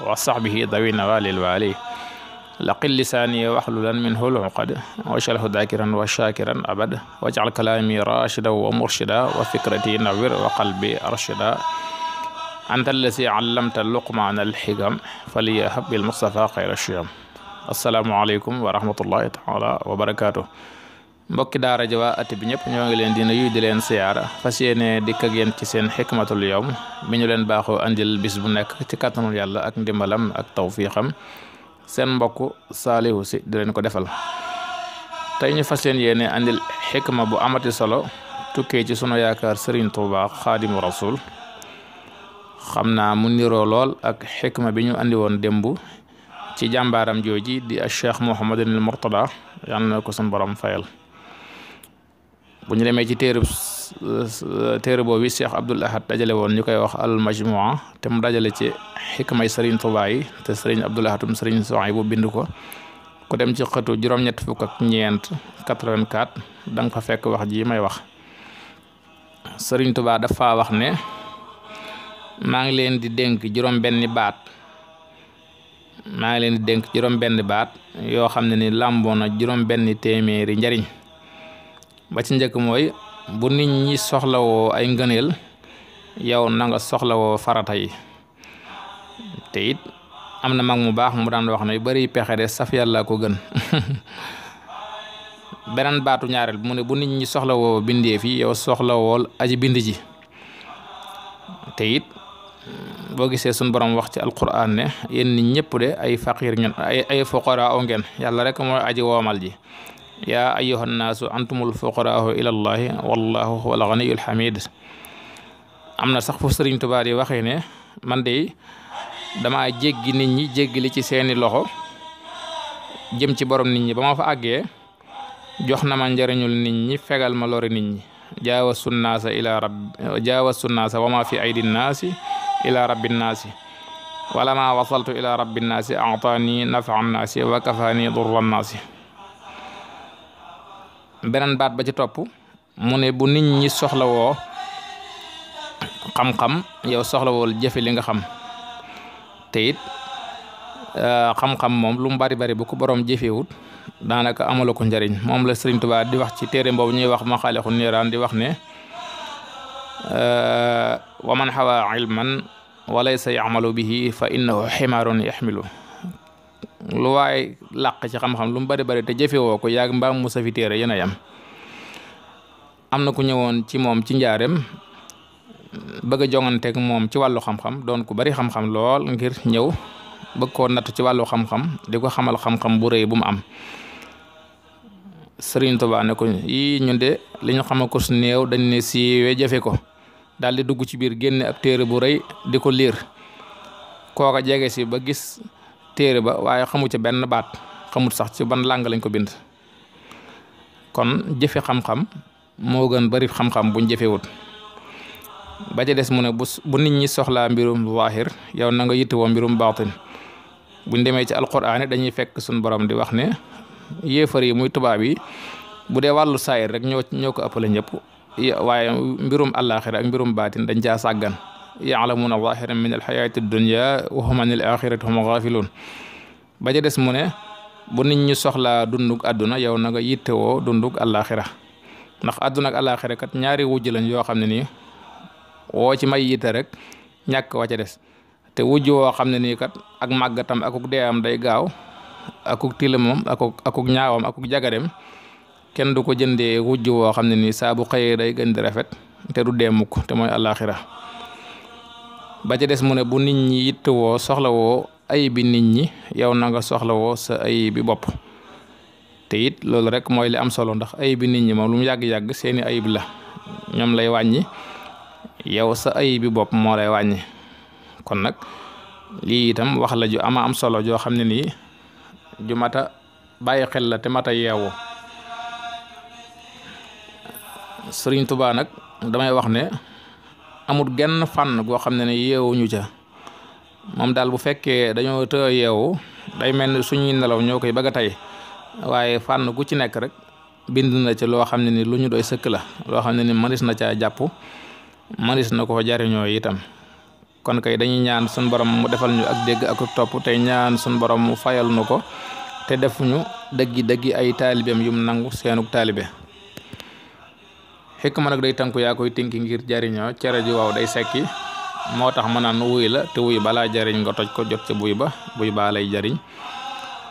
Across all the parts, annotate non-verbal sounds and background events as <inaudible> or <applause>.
wa saxbihi dawina walil wali laqil lisaani waxlulan min hul uqad wacalhu dakiran wa shakiran abad wajcal kalaami rachida wa murshida wa fikrati nawir wa qalbi arshida anta allasi allamta luqmaana alxikam faliyahab bilmustafa xayra shiyam assalaamu aleykum wa rahmatullahi taala wa barakatuh mbokki daara ji waa at bi ñëpp ñoo ngi leen di nuyu di leen siyaara fas yéene dikk ak yéen ci seen xikmatul yawm mi ñu leen baaxoo andil bis bu nekk ci kàttanul yàlla ak ndimbalam ak tawfiixam seen mbokku saalihu si di leen ko defal tey ñu fas leen yéene andil xikma bu amati solo tukkee ci sunu yaakaar Serigne Touba xaadimu rasul xam naa mu niroo lool ak xikma bi ñu andi woon démb ci jàmbaaram jooji di a cheikh Mouhamadul Mourtada yal na ko sunu borom fayal. bu ñu demee ci téerub téere boobu Cheikh Abdul Ahad dajale woon ñu koy wax al majmua te mu dajale ci xikmay Serigne Touba yi te Serigne Abdul Ahadum Serigne Soxay bu bind ko ku dem ci xëtu juróom-ñett fukk ak ñeent 84 da fekk wax ji may wax Serigne Touba dafa wax ne maa ngi leen di dénk juróom-benni baat maa ngi leen di dénk juróom-benni baat yoo xam ne ni làmboona juróom-benni téeméeri njariñ ba njëkk mooy bu nit ñi soxlawoo ay ngëneel yow na nga soxlawoo farata te it am na mag mu baax mu daan wax ne bari pexe de saf yàlla ko gën <laughs> beneen baatu ñaareel mu ne bu nit ñi soxlawoo bindeef yi soxlawool aji bind ji te it boo gisee suñu borom wax ci alquran ne yéen nit ñëpp de ay faqir ngeen ay ay fuqara ngeen yàlla rek mooy aji woomal ji yaa ayyuha nnaasu antumul fuqaraau ila llahi wallahu huwa alganiyyu alhamid am na sax fu sëriñ Tuubaa yi waxee ne man de dama jéggi nit ñi jéggi li ci seeni loxo jëm ci borom nit ñi ba ma fa àggee jox na ma njariñul nit ñi fegal ma lori nit ñi jaawasu naasa ila rabbi jaawasu naasa wa ma fi aydi naasi ila rabbi naasi wala ma wasaltu ila rabbi naasi ataani nafa naasi wa kafaani durra naasi beneen baat ba ci topp mu ne bu nit ñi soxlawoo xam-xam yow soxlawool jëfe li nga xam te it euh, xam-xam moom lu mu bari bari bu ko borom jëfewut daanaka amala ko njariñ moom la Sëriñ Tuubaa di wax ci téere boobu ñuy wax ma xaalixu niiraan di wax ne euh, wa man xawa ilman wa laysa yacmalu bihi fa innahu ximaarun yaxmilu lu waay làq ci xam-xam lu mu bari bari te jëfewoo ko yaag mbaam mu safi téere yéen yam am na ku ñëwoon ci moom ci njaareem bëgg a jonganteeg moom ci wàllu xam-xam doon ku bari xam-xam lool ngir ñëw bëgg koo natt ci wàllu xam-xam di ko xamal xam-xam bu rëy bu mu am Sëriñ Tuubaa ne ñu de li ñu xama ko su néew dañ ne siiwee jëfe ko daal di dugg ci biir génne ab téere bu rëy di ko liir kooka jege si ba gis téere ba waaye xamu ci benn baat xamut sax ci ban làng lañ ko bind kon jëfe xam-xam moo gën bari xam-xam buñ jëfewut ba ca des mu ne bu bu nit ñi soxla mbirum zaahir yow nanga nga yittewoo mbirum baatin buñ demee ci alquraan dañuy fekk suñ boroom di wax ne yéefar yi muy tubaab yi bu dee wàllu saayir rek ñoo ñoo ko ëppale ñëpp waaye mbirum àllaaxira ak mbirum baatin dañ caa sàggan yaalamuuna zahiran min alxayaati dunia wa hum an al axirati hum gaafiluun ba ca des mu ne bu nit ñi soxlaa dundug àdduna yow na nga yittewoo dundug ndax àdduna ak kat ñaari wujj lañ yoo xam ne nii woo ci may yitte rek ñàkk wa ca des te wujj woo xam ne nii kat ak màggatam akuk deeyam day gaaw akuk tilimam akuk akuk ñaawam akuk jagadem kenn du ko jënde wujj woo xam ne ni saa bu xëyee day gën di rafet te du dee te mooy àllaaxira ba ca des mu ne bu nit ñi yittewoo soxlawoo ayibi nit ñi yow nanga nga soxlawoo sa ayibi bopp te it loolu rek mooy li am solo ndax ayibi nit ñi moom lu mu yàgg-yàgg seeni ayib la ñoom lay wàññi yow sa ayibi bopp moo lay wàññi kon nag lii itam wax la ju ama am solo joo xam ne nii ju mata bàyyi xel la te mata yeewu Sëriñ Tuubaa nag damay wax ne amul genn fànn goo xam ne ne yeewuñu ca moom daal bu fekkee dañoo të yeewu day mel ni suñuy nelaw ñoo koy bëgg a tey waaye fànn gu ci nekk rek bind na ca loo xam ne ni lu ñu doy sëkk la loo xam ne ni manis na caa jàpp manis na ko jariñoo itam kon kay dañuy ñaan suñ borom mu defal ñu ak dégg ak topp tey ñaan suñ borom mu fayal nu ko te defuñu dëggi dëggi ay taalibeem yum nangu seenug taalibe xikma nag day tànku yaa koy ngir jariño cere ji waaw day sekki moo tax ma naan wuy la te wuy balaa jariñ nga toj ko jot ci buy ba buy baa lay jariñ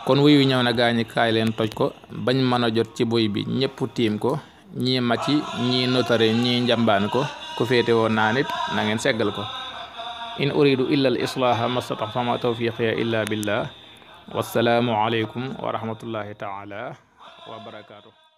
kon wuy wi ñëw na gaañi kaay leen toj ko bañ mën a jot ci buy bi ñëpp tiim ko ñii macci ñii notare ñii njambaan ko ku féete woon naa nit na seggal ko in uridu illa al islaaha mastataxtama tawfiqiya illa billah wassalaamu aleykum wa taala wa